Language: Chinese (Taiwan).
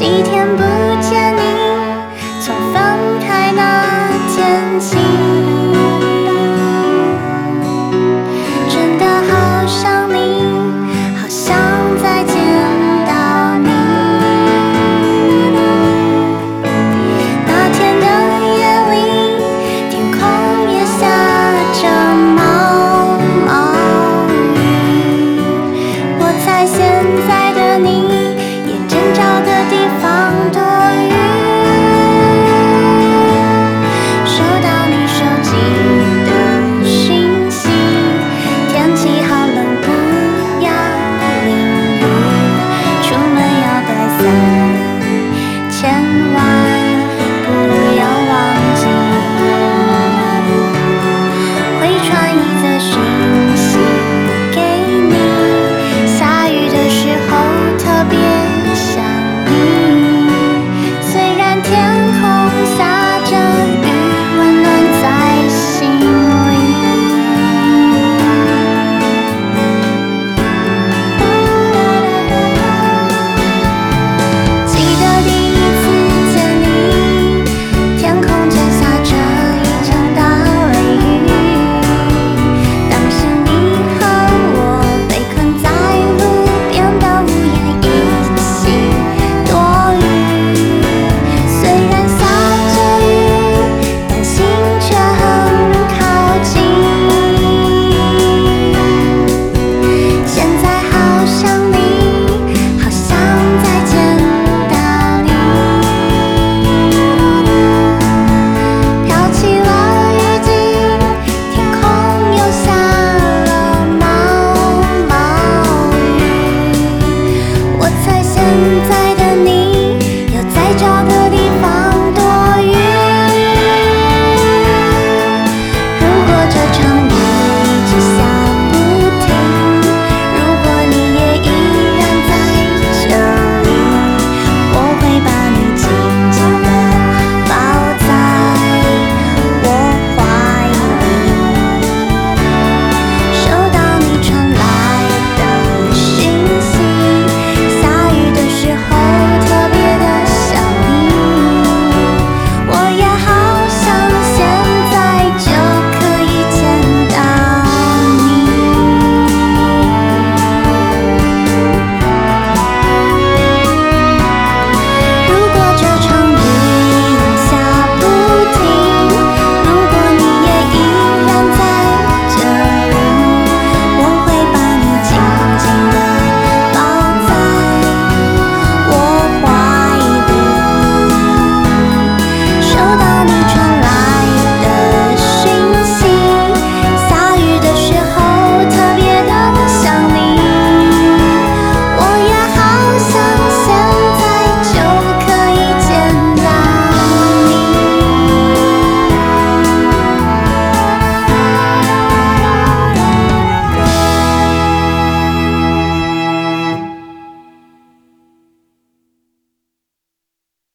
幾天不見你，從分開那天起。